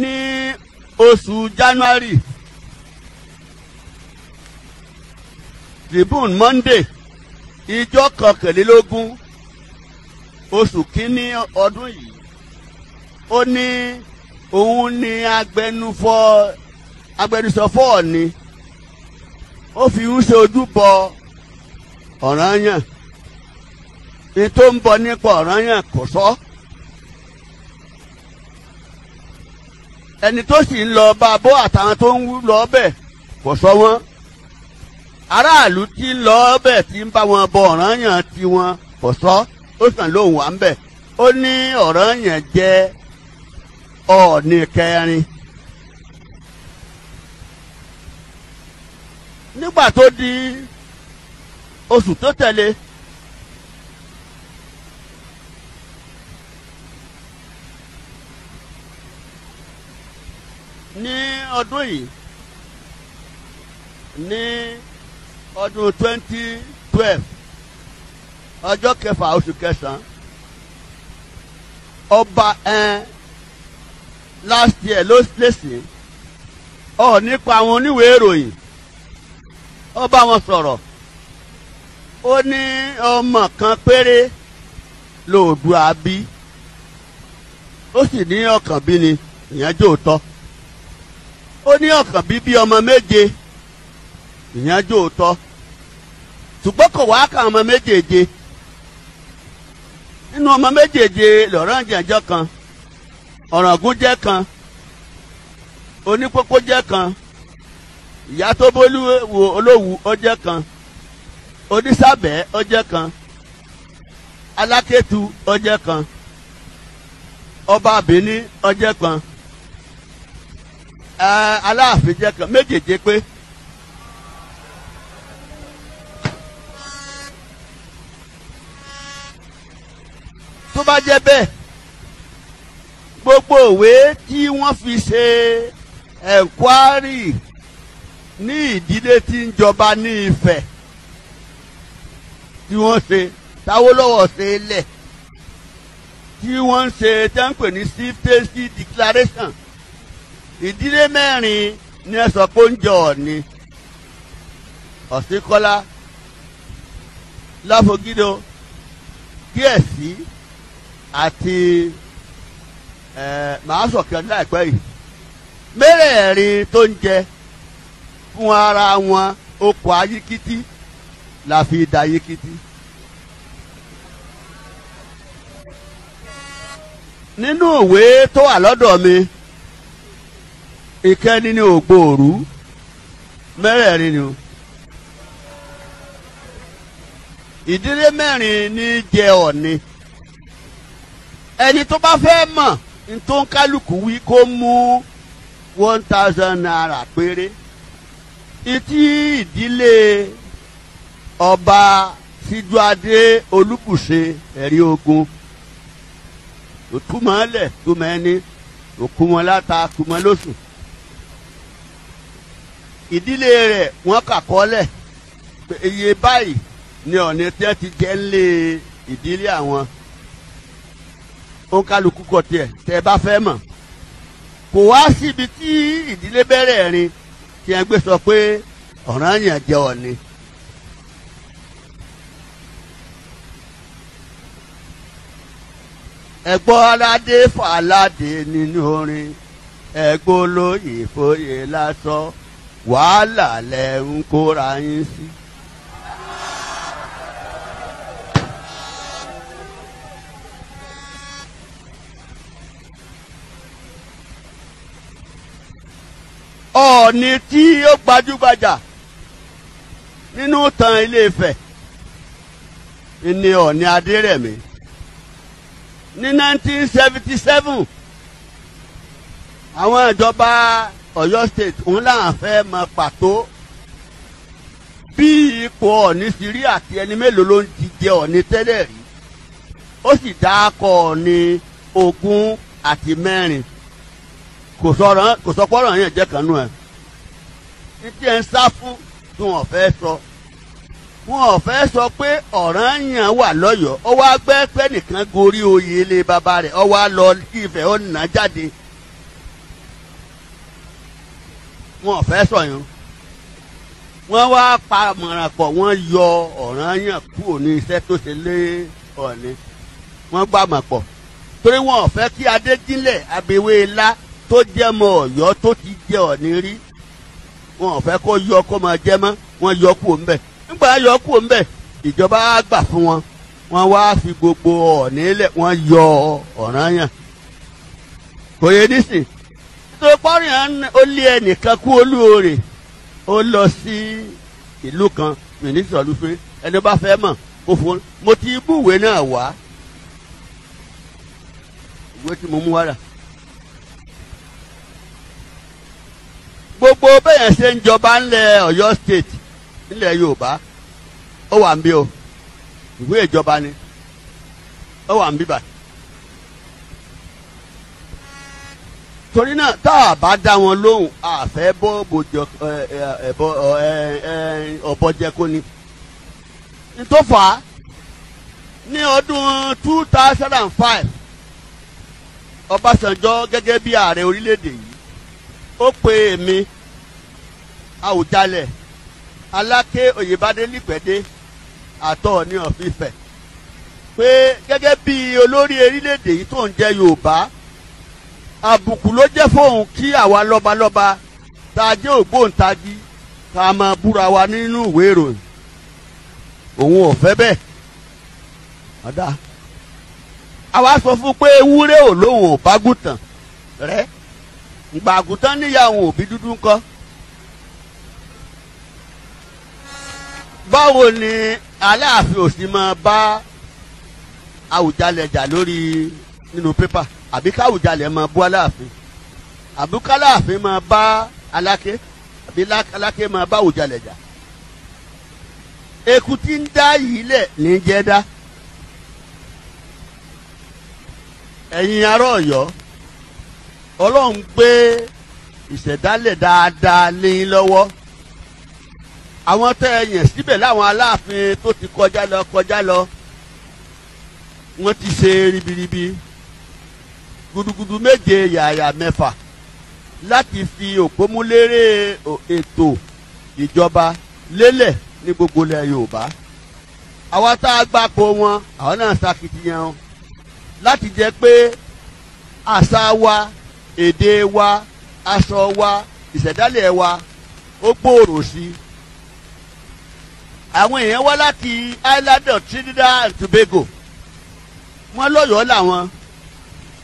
ní oṣù January Tribune Monday ìjọ kọkànlélógún oṣù kínní ọdún yìí ó ní òun ni agbẹnufọ agbẹnusọ fọ́ọ̀ni ó fi ń ṣe ojúbọ ọ̀ranyàn ní tó ń bọ nípa ọ̀ranyàn kò sọ. So. ẹni tó sì ń lọ bá bó àtàwọn tó ń lọ bẹ̀ kò sọ wọ́n aráàlú tí ń lọ bẹ̀ tí ń bá wọn bọ ọ̀ràn yàn tiwọn kò sọ ó sàn lóhùn wà ń bẹ̀ ó ní ọ̀ràn yàn jẹ́ ọ̀ọ́nì kẹrin. nígbà tó di oṣù tó tẹ̀lé ọdún yìí ní ọdún twenty twelve ọjọ́ kẹfà oṣù kẹsàn-án ọba ẹn last year ló lèsì ọ nípa àwọn oníwèé ìròyìn ó bá wọn sọ̀rọ̀ ó ní ọmọ kan péré lòdù àbí ó sì ní ọkàn bí ni ìyẹn jòótọ́. ó ní ọ̀kàn bíbí ọmọ méje ìyẹn jó tọ́ ṣùgbọ́n kò wá kan ọmọ méjèèje nínú ọmọ méjèèje lọ́rọ̀ jẹ̀jọ́ kan ọ̀ràngún jẹ́ kan oníkókó jẹ́ kan ìyá tó bólú wo olówù ó jẹ́ kan onísàbẹ̀ ó jẹ́ kan alákẹ́tù ó jẹ́ kan ọba àbíní ó jẹ́ kan. Eh, aláàfin jẹ́ kan méjèèjì pé. tó bá jẹ́ bẹ́ẹ̀ gbogbo ìwé tí wọ́n fi ṣe ẹ̀kwárì ní ìdílé tí ń jọba ní Ifẹ̀ tí wọ́n ṣe táwọ́lọ́wọ́ ṣe lẹ̀ tí wọ́n ń ṣe tẹ́ǹpẹ̀ ní sifety declaration ìdílé mẹ́rin ni ẹ sọ pé oúnjẹ ọ̀ni ọ̀sìnkọ́lá láfogídó díẹ̀sí àti màá sọ̀kẹ́ ọdún láìpẹ́ yìí mẹ́rẹ̀ẹ̀rin tó ń jẹ fún ara wọn okùn ayíkítí la fi da ayíkítí. nínú ìwé tó wà lọ́dọ̀ mi ìkẹ́ni ní ògbóòrú mẹ́rẹ̀ẹ̀rin ni o ìdílé mẹ́rin ní jẹ ọ̀ni ẹni tó bá fẹ́ mọ̀ ní tó ń kálukú wí kó mú one thousand naira péré ìtí ìdílé ọba síjúadé olúbùṣe ẹ̀rí ogun òtúmọ̀ọ́lẹ̀ túmọ̀ ẹni òkúmọ̀ọ́lá ta kúmọ̀ lóṣù ìdílé rẹ̀ wọ́n kàkọ́lẹ̀ iye báyìí ni ọ̀nà tí wọ́n ti jẹ́ ńlé ìdílé àwọn òǹkàlùkù kọ tiẹ̀ tẹ́ bá fẹ́ mọ̀ kò wá síbi tí ìdílé bẹ̀rẹ̀ rin tí wọ́n gbé sọ pé ọ̀ràn yẹn jẹ́ ọ̀ni. ẹ̀gbọ́n aládé fàládé nínú orin ẹ̀gbọ́n olóyè fòye lásán wàhálà lẹ ń kóra yín sí. ọ̀ọ̀ni tí ó gbajúgbajà nínú tan Ilé-Ifẹ̀ ni ọ̀ọ̀ni Adérẹ̀mí ní nineteen seventy seven àwọn ìjọba. Ọ̀yọ́ state òun làwọn fẹ́ mọ pàtó bí ipò Ọ̀ọ̀ni ti rí àti ẹni mélòó ló ń dìde Ọ̀ọ̀ni tẹ́lẹ̀ rí ó sì dáàkọ Ọ̀ọ̀ni ogún àti mẹ́rin kò sọ pọ́rọ̀ yẹn jẹ́ kanú ẹ̀ títí ẹ̀ ń sá fún tí wọ́n fẹ́ sọ wọn ò fẹ́ sọ pé Ọ̀rànyàn wà lọ́yọ̀ọ́ ó wá gbẹ́ pẹ́ nìkan gorí oyè ilé bàbá rẹ̀ ó wá lọ kí Ifẹ̀ ó jáde wọn ò fẹ́ sọ̀yàn wọ́n wá pa mọ̀rànpọ̀ wọ́n yọ Ọ̀rànyàn kúrò ní iṣẹ́ tó ṣe lé Ọọ̀ni wọ́n gbà mọ̀ pọ̀ torí wọn ò fẹ́ kí Adédìlẹ̀ abẹ́wé ńlá tó jẹ́ mọ Ọ̀yọ́ tó ti jẹ Ọọ̀ni rí wọn ò fẹ́ kó yọ kó máa jẹ mọ́ wọ́n yọ kúrò ńbẹ̀ nígbà yọ kúrò ńbẹ̀ ìjọba á gbà fún wọn wọ́n wá fi gbogbo Ọọ̀ni lẹ̀ wọ́n yọ Ọ̀rànyàn kò yẹ nísìnyí tó pọ́nrán ó lé ẹnìkan kú olúore ó lọ sí ìlú kan mínísítà ló pé ẹni bá fẹ́ mọ̀ kó fún mo ti búwèé náà wá ìwé tí mo mú wá rà gbogbo bẹ́ẹ̀ ṣe ń jọba ńlẹ̀ Ọ̀yọ́ state ńlẹ̀ Yorùbá ó wà ń bí o ìwé ìjọba ni ó wà ń bí báyìí torí náà tá a bá dá wọn lóhùn àfẹ́ bọ́ ọ̀bọ̀jẹ̀kọ ni. ntòfà ní ọdún two thousand and five Ọbásanjọ́ gẹ́gẹ́ bí ààrẹ orílẹ̀-èdè yìí ó pe èmi Àwùjalẹ̀ Aláké Oyèbádé Lípẹ́dé àtọ̀ ní ọ̀fífẹ́ pé gẹ́gẹ́ bí olórí orílẹ̀-èdè yìí tó ń jẹ́ Yorùbá àbùkù ló jẹ́ fóun kí àwa lọ́balọ́ba tá a jẹ́ ògbóǹtagì tá a máa búra wa nínú ìwé ìròyìn òun ò fẹ́ bẹ́ẹ̀ ọ̀dà àwa sọ fún pé ewúrẹ́ ò lóun ò bágùtàn rẹ́ ìgbà àgùntàn níyà òun òbí dúdú ńkọ́ báwo ni aláàfin ò sì máa bá Àwùjalẹ̀ jà lórí nínú pépà. No àbí káwùjalẹ̀ máa bú aláàfin àbí káláàfin máa bá aláké àbí aláké máa bá àwùjalẹ̀ jà eku tí ń dá yìí lẹ̀ ní jẹ́ dá ẹ̀yin ará ọ̀yọ́ ọlọ́run gbé ìṣẹ̀dálẹ̀ dáadáa léyìn lọ́wọ́ àwọn tẹ́ ẹ yàn síbẹ̀ láwọn aláàfin tó ti kọjá lọ kọjá lọ wọ́n ti ṣe ribiribi gudugudu méje yàyà mẹ́fà láti fi òpómúlérè ètò ìjọba lélẹ̀ ní gbogbo ilẹ̀ Yorùbá àwa tá a gbapò wọn àwọn náà ṣàkitiyan láti jẹ́ pé àṣà wa èdè wa aṣọ wa ìṣẹ̀dálẹ̀ wa ó gbòòrò sí i àwọn èèyàn wá láti island Trinidad and Tobago wọ́n lọ́yọ̀ọ́ làwọn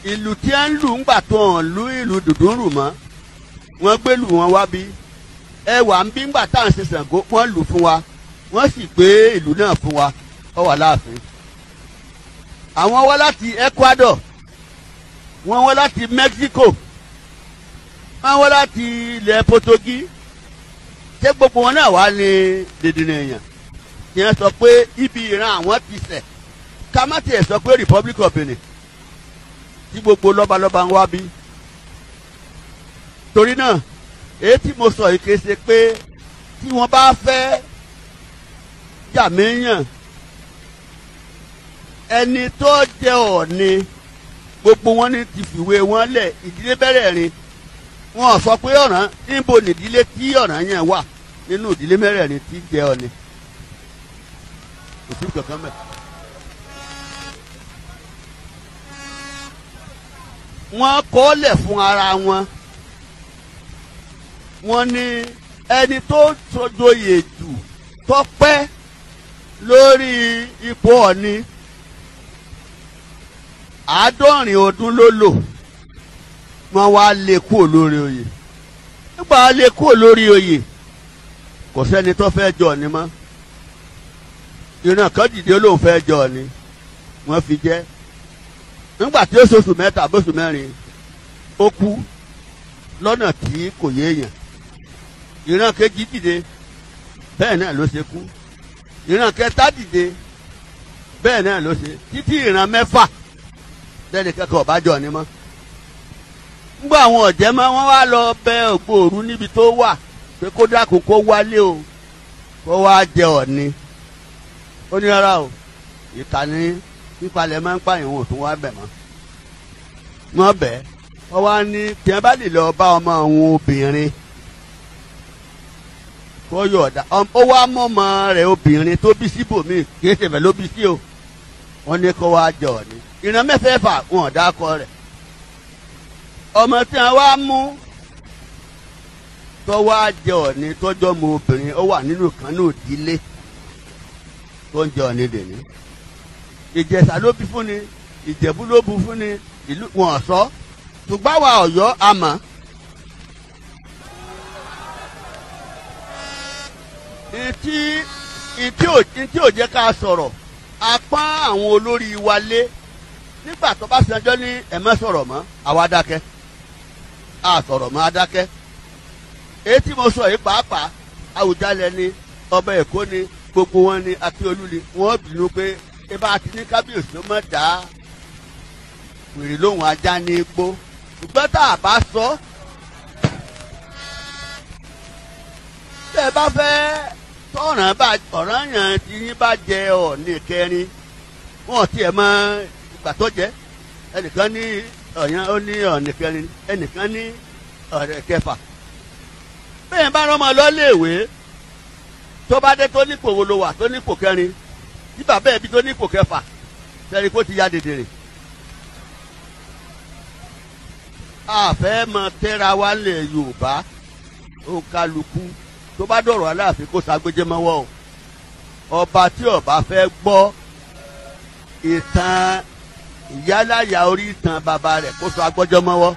ìlú tí ẹ ń lù ń gbà tó hàn lú ìlú dùdúrù mọ́ wọ́n gbé lù wọ́n wá bí ẹ wà ń bí ń gbà tá à ń ṣe Ṣàngó wọ́n lù fún wa wọ́n sì gbé ìlú náà fún wa ó wà láàfin. àwọn wá láti Ecuador wọ́n wá láti Mexico wọ́n wá láti ilẹ̀ Portugi ṣé gbogbo wọn náà wá ní dèdìrín èèyàn tí sọ pé ibi ìran àwọn ti ṣẹ̀ ká má tiẹ̀ sọ pé Republic of Benin tí gbogbo lọ́balọ́ba ń wá bí. torí náà èyí tí mo sọ yìí kìí ṣe pé tí wọ́n bá fẹ́ jà méyàn ẹni tó jẹ ọ̀ni gbogbo wọn ní ti fìwé wọn lẹ̀ ìdílé bẹ̀rẹ̀ rin wọn sọ pé ọ̀ràn níbo nìdílé tí ọ̀ràn yẹn wà nínú ìdílé mẹ́rẹ̀ẹ̀rin tí jẹ ọ̀ni kò sí kankan mẹ́ta. wọ́n kọ́lẹ̀ fún ara wọn wọ́n ní ẹni tó joyè jù tó pẹ́ lórí ipò ọ̀ni àádọ́rin ọdún ló lò wọ́n wá lé kúrò lórí oyè nígbà lé kúrò lórí oyè kò sẹ́ni tó fẹ́ jọ ni mọ́ ìran kan dìde lóun fẹ́ jọ ni wọ́n fi jẹ́ nígbà tí ó ṣoṣù mẹ́ta bóṣù mẹ́rin ó kú lọ́nà tí kò yé èèyàn ìran kejì dìde bẹ́ẹ̀ náà ló ṣe kú ìran kẹta dìde bẹ́ẹ̀ náà ló ṣe títí ìran mẹ́fà lẹ́nu kẹ́kọ̀ọ́ bá jọ ni mọ́ ngbọ́ àwọn ọ̀jẹ́ mọ́ wọ́n wá lọ bẹ ògbóòrú níbi tó wà pé kó dákun kó wálé o kó wá jẹ ọ̀ni ó ní rárá o ìkànnì pípalẹ̀ máa ń pààyàn wọn ò tún wá bẹ̀ mọ́ wọ́n bẹ̀ wọ́n wá ní tí wọ́n bá lè lọ bá ọmọ òun obìnrin kó yọ̀ọ̀dà ó wá mọ́ ọmọ rẹ̀ obìnrin tó bí síbòmíì kì í ṣèbẹ̀ ló bí sí o wọ́n ní kó wá jọ ni ìran mẹ́fẹ̀ẹ̀fà wọn ò dákọ rẹ̀ ọmọ tí wọ́n wá mú tó wá jẹ ọ̀ni tọ́jọ́ mọ obìnrin ó wà nínú kan náà tó ń jẹ ọ̀ni dèní ìjẹ̀ṣà ló bí fún ni ìjẹ̀bú ló bu fún ni ìlú wọn sọ ṣùgbọ́n àwa ọ̀yọ́ a mọ̀. ìtí ìtí ò jẹ́ ká sọ̀rọ̀ a pọ́n àwọn olórí wa lé nígbà tó bá sanjọ́ ní ẹ̀mọ́ sọ̀rọ̀ mọ́ àwa dákẹ́ a sọ̀rọ̀ mọ́ a èyí tí mo sọ yìí pàápàá Àwùjalẹ̀ ni ọba Èkó ni gbogbo wọn ni Akíolú ni wọ́n bínú pé ṣé bá a ti ní kábíyèsí ló mọ̀ dá wèrè lóhùn ajá ní igbó ṣùgbọ́n tá a bá sọ tẹ́ ẹ bá fẹ́ tọ̀ràn bá ọ̀ràn yàn tí yín bá jẹ ọ̀ọ́nì kẹrin wọn tiẹ̀ mọ ìgbà tó jẹ ẹnìkan ní ọ̀yàn ó ní ọ̀ọ́nì kẹrin ẹnìkan ní ọ̀ọ́nì kẹfà bẹ́ẹ̀ bá rán ọmọ lọ́lẹ́wé tó bá dé tó nípò wo ló wà tó nípò kẹrin bí bàbá ẹbí tó ní ipò kẹfà tẹ́lẹ̀ kó ti ya dèdèrè. àfẹ́ mọ tẹ́ra wa lẹ̀ Yorùbá ó kálukú tó bá dọ̀rọ̀ Aláàfin kó sagbéjé mọ́wọ́ o ọba tí ọba fẹ́ gbọ́ ìtàn ìyálàyà orí ìtàn bàbá rẹ̀ kó sọ mọ́wọ́.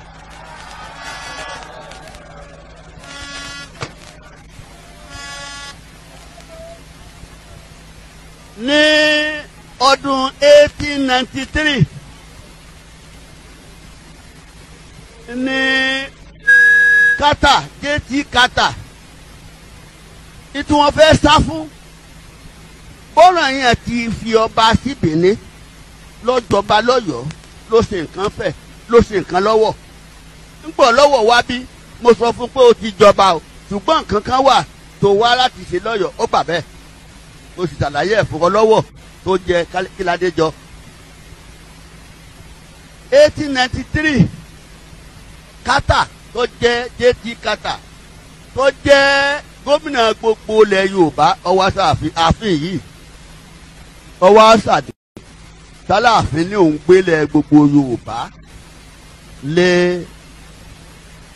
ní ọdún 1893 ní kata géètì kata ìtú wọn fẹ́ sá fún bọ́ọ̀rọ̀ yẹn ti fi ọba sí Benin lọ́jọba lọ́yọ̀ọ́ ló ṣe nǹkan fẹ̀ ló ṣe nǹkan lọ́wọ́ ńgbọ̀ lọ́wọ́ wá bí mo sọ fún pé o ti jọba o ṣùgbọ́n nǹkan kan wà tó wá láti ṣe lọ́yọ̀ọ́ ó gbà bẹ́ẹ̀ tó sì ẹ̀fọ́ lọ́wọ́ tó jẹ kíládé jọ. eighteen ninety three kata tó jẹ jt kata tó jẹ gómìnà gbogbo ilẹ̀ yorùbá ọwọ́ àfin àfin yìí ọwọ́ àṣàdé tálàfin ní òun gbélé gbogbo yorùbá lé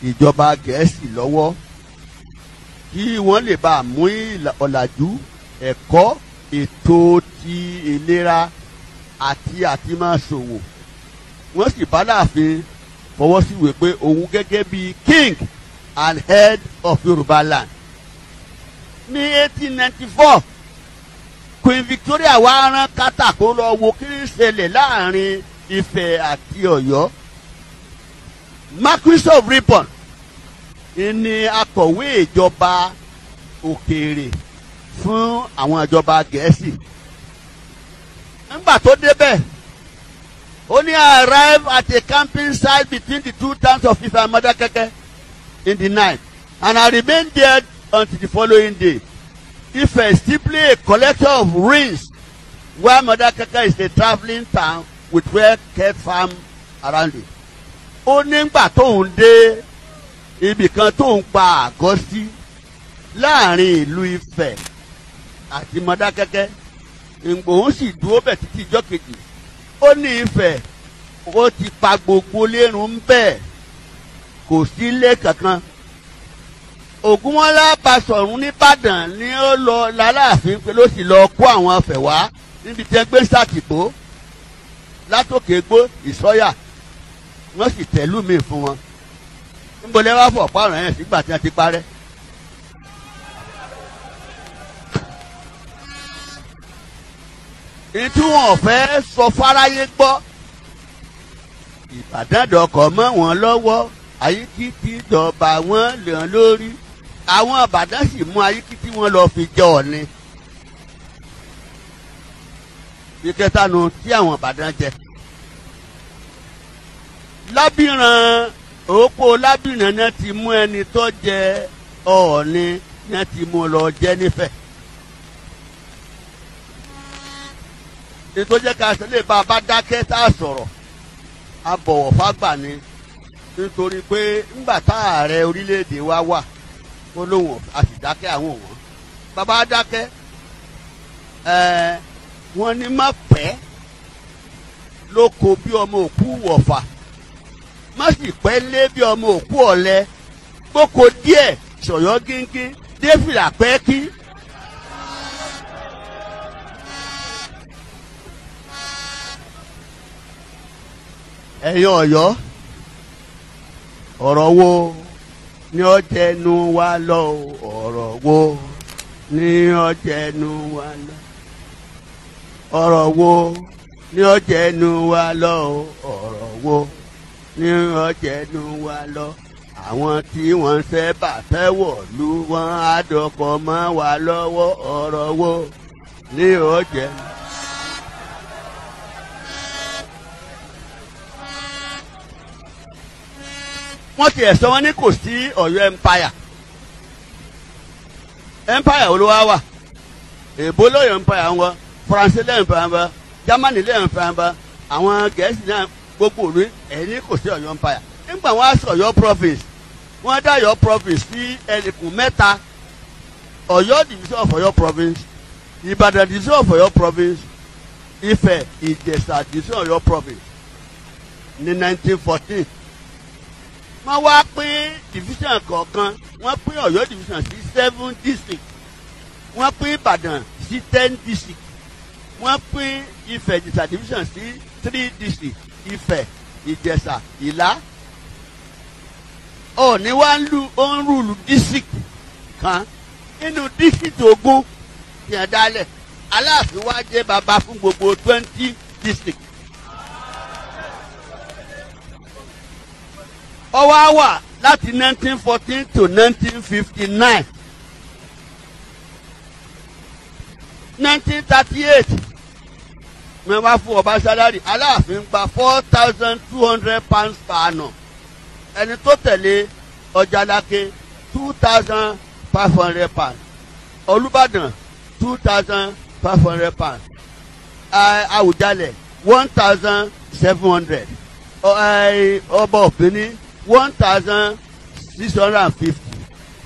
ìjọba gẹ̀ẹ́sì lọ́wọ́ kí wọ́n lè bá a mú ọ̀làjú ẹ̀kọ́ ètò ti ìlera àti àti máa ṣòwò wọ́n sì bá láàfin fọwọ́ sí ìwé pé òun gẹ́gẹ́ bíi king and head of Yorùbá land ní eighteen ninety four Queen Victoria wá rán kátà kó lọ wo kí ń ṣẹlẹ̀ láàrin Ifẹ̀ àti Ọ̀yọ́ Marquis of Ripon ni akọ̀wé ìjọba òkèèrè fún àwọn ìjọba gẹ̀ẹ́sì nígbà tó débẹ̀ ó ní arrive at a camping site between the two towns of Ife and Modakeke in the night and I remained there until the following day Ife is simply a collector of rings, while Modakeke is a travelling town with well-kept farm around it. ó nígbà tóun dé ibì kan tóun pa àgọ́ sí láàrin ìlú Ifẹ̀ àti mọdákẹ́kẹ́ ìgbòhùn sì dúró bẹ̀ títí ijọ́ kejì ó ní Ifẹ̀ ó ti pa gbogbo lérun bẹ́ẹ̀ kò sí ilé kankan Ògúnmọ́lá Basọ̀rún nìbàdàn ni ó lọ lálàáfin pé ló sì lọ kó àwọn afẹ̀ wá níbi tí wọ́n gbé sàtìgbó látòkè gbó ìsọ́yà wọ́n sì tẹ̀lú mi fún wọn níbo lẹ́wọ́ fọ̀ pààrọ̀ yẹn sígbà tí wọ́n ti parẹ́. ìtú wọn fẹ́ sọ fáráyé gbọ́ ìbàdàn dọkọ̀ mọ́ wọn lọ́wọ́ ayíkítí dọ̀bà wọn lẹ́hàn lórí àwọn àbàdàn sì mú ayíkítí wọn lọ fi jẹ ọ̀ni ìkẹta nu tí àwọn àbàdàn jẹ lábìràn òpó lábìràn náà ti mú ẹni tó jẹ ọ̀ni náà ti mú lọ jẹ nífẹ̀ẹ́. ètò jẹ́ ká ṣe lè bá a bá dákẹ́ tá a sọ̀rọ̀ a bọ̀wọ̀ fágbà ni nítorí wa wà ó lóun a sì dákẹ́ àwọn bàbá dákẹ́ wọn ni má pẹ́ ló ko bí ọmọ òkú wọ̀fà má sì pẹ́ lé bí ọmọ òkú ọ̀lẹ gbóko díẹ̀ ṣọ̀yọ́ gíngín dé fìlà pẹ́ kí. ẹ̀yin ọ̀yọ́ ọ̀rọ̀ wo ni ó tẹnu wa lọ ọ̀rọ̀ wo ni ó tẹnu wa lọ ọ̀rọ̀ wo ni ó tẹnu wa lọ ọ̀rọ̀ wo ni ó tẹnu wa lọ àwọn tí wọ́n ṣe bà fẹ́ wọ̀lú wọn á dọ̀kọ̀ mọ́ wa lọ́wọ́ ọ̀rọ̀ wo ni ó tẹnu wa lọ. wọ́n ti ẹ̀sọ́ wọn ní kò sí ọ̀yọ́ empire empire olúwa wà èbó lóyè empire wọn faransé lẹ́yìn empire wọn germany lẹ́yìn empire wọn àwọn gẹ̀ẹ́sì náà gbogbo òní ẹ̀yìn ní kò sí ọ̀yọ́ empire nígbà wọn á sọ ọ̀yọ́ province wọ́n dá ọ̀yọ́ province sí ẹnìkún mẹ́ta ọ̀yọ́ division of ọ̀yọ́ province ìbàdàn division of ọ̀yọ́ province ifẹ̀ ìjẹ̀ṣà division of ọ̀yọ́ province ní 1914 wọ́n wá pín division kọ̀ọ̀kan wọ́n pín ọ̀yọ́ division sí seven district wọ́n pín ìbàdàn sí ten district wọ́n pín ifẹ̀ ìjẹ̀ṣà division sí three district ifẹ̀ ìjẹ̀ṣà ìlá òní wá ń lu ó ń rúlu district kan nínú district ogún yẹn dálẹ̀ aláàfin wá jẹ́ bàbá fún gbogbo twenty district ó wá wà láti 1914 to 1959 1938 wọ́n wá fún ọba sálárì aláàfin gba four thousand two hundred pounds per annum ẹni tó tẹ̀lé ọjàlákè two thousand five hundred pounds olùbàdàn two thousand five hundred pounds àwùjalẹ̀ one thousand seven hundred ọba òbíní one thousand six hundred and fifty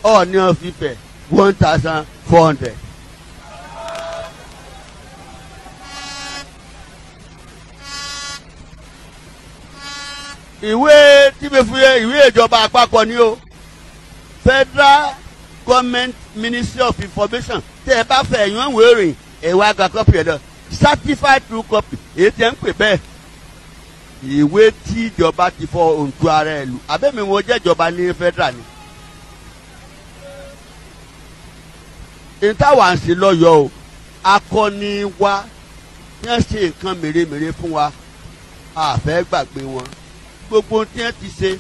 Ọ̀ọ̀ni of Ifẹ̀ one thousand four hundred. ìwé tìbẹ̀fúyẹ ìwé ìjọba àpapọ̀ ni o Federal Government Ministry of Information tẹ ẹ bá fẹ́ ẹ̀yán ìwé ìròyìn ẹ̀wà àgbà kọ́pì ẹ̀ lọ certified true copy èyí tẹ́ ń pè bẹ́ẹ̀ ìwé tí ìjọba ti fọ òǹtu ara ẹ̀ lù abẹ́mi wọn jẹ́jọba ní federal ni. ìtawà ń sí lọ́yọ̀ o akọni wa yẹn ṣe nǹkan mèremère fún wa àfẹ́ gbàgbé wọn gbogbo tí wọ́n ti ṣe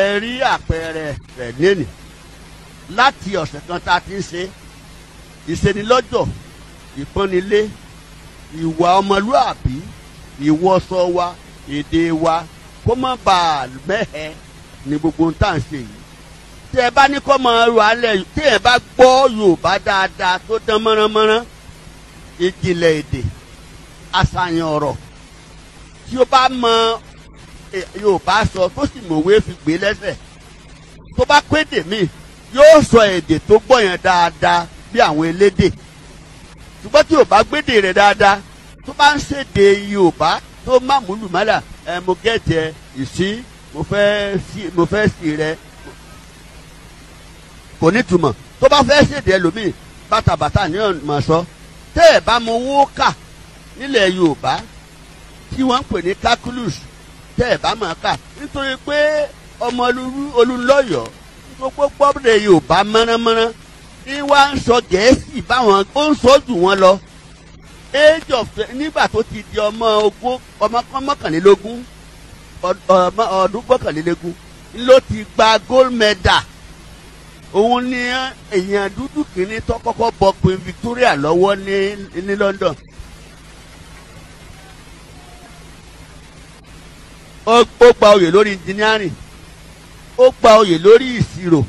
ẹ rí àpẹẹrẹ rẹ̀ lẹ́nìí láti ọ̀sẹ̀ kan tá a ti ń ṣe ìṣenilọ́jọ̀ ìpọ́nilé ìwà ọmọlúàbí ìwọṣọ wa èdè wa kó má bàa mẹ́hẹ ní gbogbo tá à ń ṣe yìí tí ẹ bá ní kọ́ máa rò alẹ́ tí ẹ bá gbọ́ Yorùbá dáadáa tó dán mọ́ránmọ́rán ìjìnlẹ̀ èdè àṣàyàn ọ̀rọ̀ tí ó bá mọ Yorùbá sọ tó sì mọ̀wé fi gbé lẹ́sẹ̀ tó bá pédè mí yóò sọ èdè tó gbọ́ yẹn dáadáa bí àwọn elédè ṣùgbọ́n tí Yorùbá gbédè rẹ̀ dáadáa tó bá ń ṣèdè Yorùbá tó má múlù mọ́là ẹ mo gẹ̀ẹ́tì ẹ ìsí mo fẹ́ sí mo fẹ́ sí rẹ kò ní túmọ̀ tó bá fẹ́ ṣèdè ẹlòmíì bàtàbàtà ní ọ̀nà sọ tẹ́ ẹ̀ bá mọ owó kà nílẹ̀ Yorùbá tí wọ́n ń pè ní calculus tẹ́ ẹ̀ bá mọ̀ kà nítorí pé ọmọ olùlọ́yọ̀ gbogbo gbọ́dọ̀ Yorùbá mọ́nàmọ́ná ní wá ń sọ Gẹ̀ẹ́sì báwọn ó ń sọ jù wọ́n lọ age of nígbà tó ti di ọmọ ogún ọmọ mọ́kànlélógún ọdún mọ́kànlélógún ló ti gba gold medal òun ni èèyàn dúdú kìíní tó kọ́kọ́ bọ Queen Victoria lọ́wọ́ ní ní London. ó gba oyè lórí engineering ó gba oyè lórí ìṣirò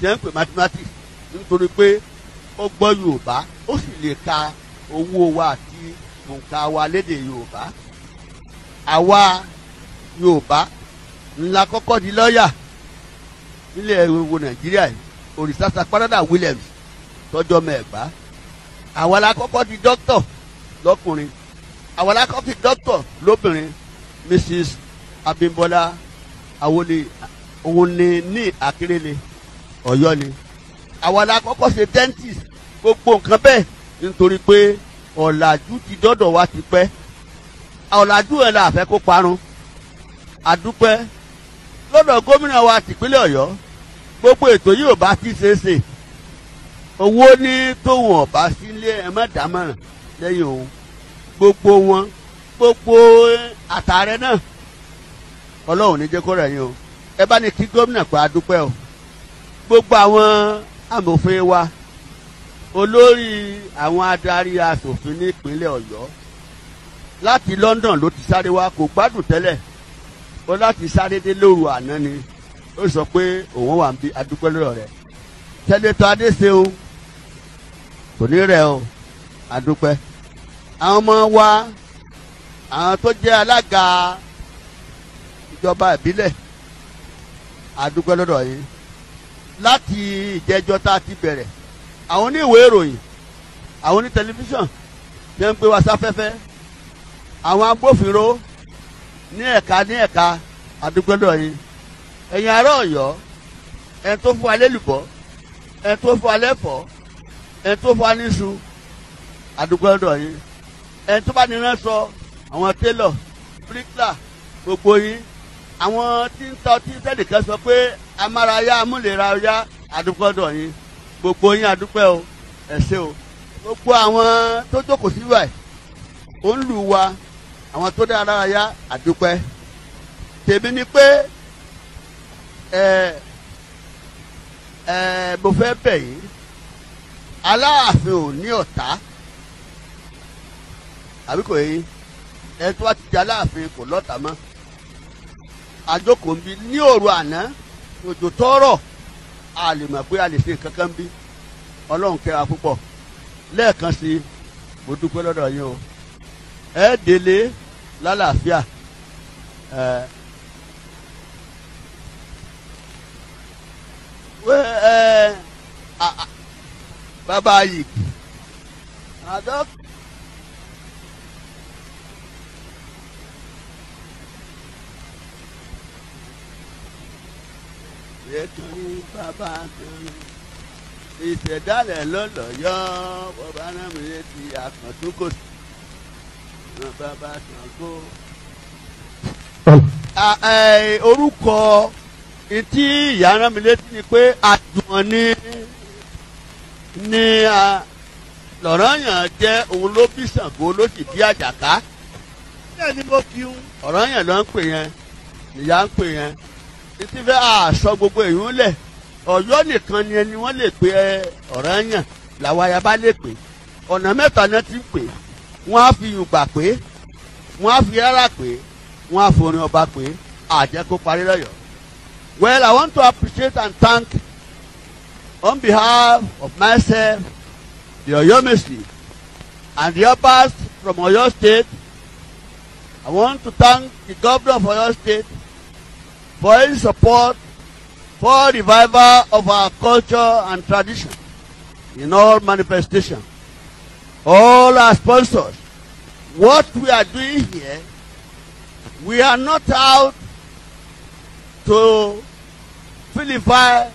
jẹ́ ń pè mathematics nítorí pé ó gbọ́ Yorùbá ó sì lè ka owó wa àti nǹkan wa lédè Yorùbá àwa Yorùbá ńlá kọ́kọ́ di lọ́ọ̀yà nílẹ̀ ewu Nàìjíríà yìí òrìṣàṣà Canada Williams tọjọ́ mẹ́ẹ̀gbá àwa la kọ́kọ́ di dókítọ̀ lọ́kùnrin àwa la kọ́kọ́ di dókítọ̀ lóbìnrin Mrs Abímbọ́lá Awólé òun ni ní Akérèlé Ọ̀yọ́ ni àwa la kọ́kọ́ ṣe dentist gbogbo nǹkan bẹ́ẹ̀ nítorí pé ọ̀làjú ti dọ́dọ̀ wa ti pẹ́ ọ̀làjú ẹ̀ la fẹ́ kó parun àdúpẹ́ lọ́dọ̀ gómìnà wa tìpínlẹ̀ ọ̀yọ́ gbogbo ètò yìí ò bá ti ṣeéṣe owó ní tóun ọ̀bá sílé ẹ̀mọ́dàmọ̀ràn lẹ́yìn òun gbogbo wọn gbogbo àtàrẹ náà ọlọ́run ní jẹ́ rẹ̀ yín o ẹ bá ní kí gómìnà pé àdúpẹ́ o gbogbo àwọn amòfin wa olórí àwọn adarí asòfin ní ìpínlẹ̀ ọ̀yọ́ láti London ló ti sáré wá kò gbádùn tẹ́lẹ̀ ó láti sáré dé lóru àná ni ó sọ pé òun wà ń bi adúpẹ́ lọ́rọ̀ rẹ̀ tẹ́lẹ̀tọ́ adéṣeun kò ní rẹ̀ o adúpẹ́ àwọn ọmọ wa àwọn tó jẹ́ alága ìjọba ìbílẹ̀ adúpẹ́ lọ́dọ̀ yìí láti ìjẹ́jọ́ tá a ti bẹ̀rẹ̀ àwọn ní ìwé ìròyìn àwọn ní tẹlifíṣàn tí ń gbé wa sáfẹ́fẹ́ àwọn agbófinró ní ẹ̀ka ní ẹ̀ka àdúgbòdò yín ẹ̀yin ará Ọ̀yọ́ ẹ̀ tó fún wa lélùbọ́ ẹ̀ tó fún wa lẹ́fọ̀ọ́ ẹ̀ tó fún wa níṣu àdúgbòdò yín ẹ̀ tó bá nínú sọ àwọn télọ̀ bíríkìlà gbogbo yín àwọn tí ń tọ́ tí sẹ́nìkan sọ pé amárayá amúlera ya àdúgbòdò yín gbogbo yín adúpẹ́ o ẹ o gbogbo àwọn tó jókòó síbà ó ń lù wá àwọn tó dára lára yá àdúpẹ́ tèmi ni pé ẹ ẹ mo fẹ́ bẹ̀ yín aláàfin ò ní ọ̀tá àbí kò yín ẹ tó bá ti di aláàfin kò lọ́tà mọ́ àjókòó ń bi ní òru àná òjò tọ́rọ̀ a lè mọ̀ pé a lè ṣe nǹkan kan bí ọlọ́run kẹwàá púpọ̀ lẹ́ẹ̀kan sí mo dúpẹ́ lọ́dọ̀ yín o ẹ délé lálàáfíà ẹ wẹ ẹ bàbá yìí rẹ̀ torí bàbá torí ìtẹ̀dálẹ̀ lọ́lọ́yọ́ bàbá náà mi rẹ̀ ti àkàntúnkòtù náà bàbá Ṣàngó. orúkọ etí ìyá rán mi létí ni pé àjùmọ̀ ni ni lọ́rọ́yàn jẹ́ òun ló bí Ṣàngó ló sì bí àjàká. ọ̀rọ̀ yẹn ló ń pè yẹn ìyá ń pè yẹn títí fẹ́ àṣọ gbogbo èèyàn lẹ̀ ọ̀yọ́ nìkan ni ẹni wọ́n lè pe ọ̀ranyàn làwọn ayaba lè pè ọ̀nà mẹ́ta náà ti pè wọ́n á fi yùgbà pé wọ́n á fi rárá pé wọ́n á forin ọba pé àjẹ́ kó parí lọ́yọ̀. Well, I want to appreciate and thank on behalf of myself, the ministry, and the others from Oyo State. I want to thank the governor of Oyo State for any support for revival of our culture and tradition in all manifestation, All our sponsors, what we are doing here, we are not out to vilify,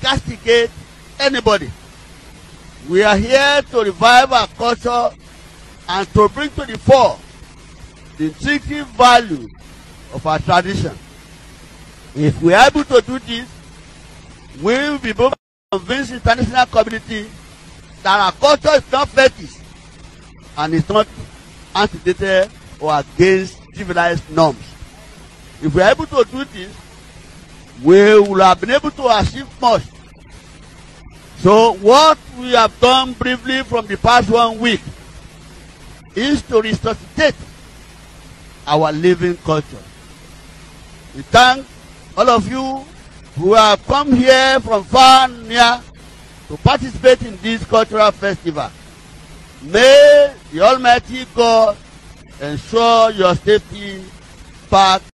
castigate anybody. We are here to revive our culture and to bring to the fore the intrinsic value of our tradition. If we are able to do this, we will be able to convince international community that our culture is not fetish and is not antidated or against civilized norms. If we are able to do this, we will have been able to achieve much. So what we have done briefly from the past one week is to resuscitate our living culture. We thank all of you who have come here from far and near to participate in this cultural festival. May the Almighty God ensure your safety, path,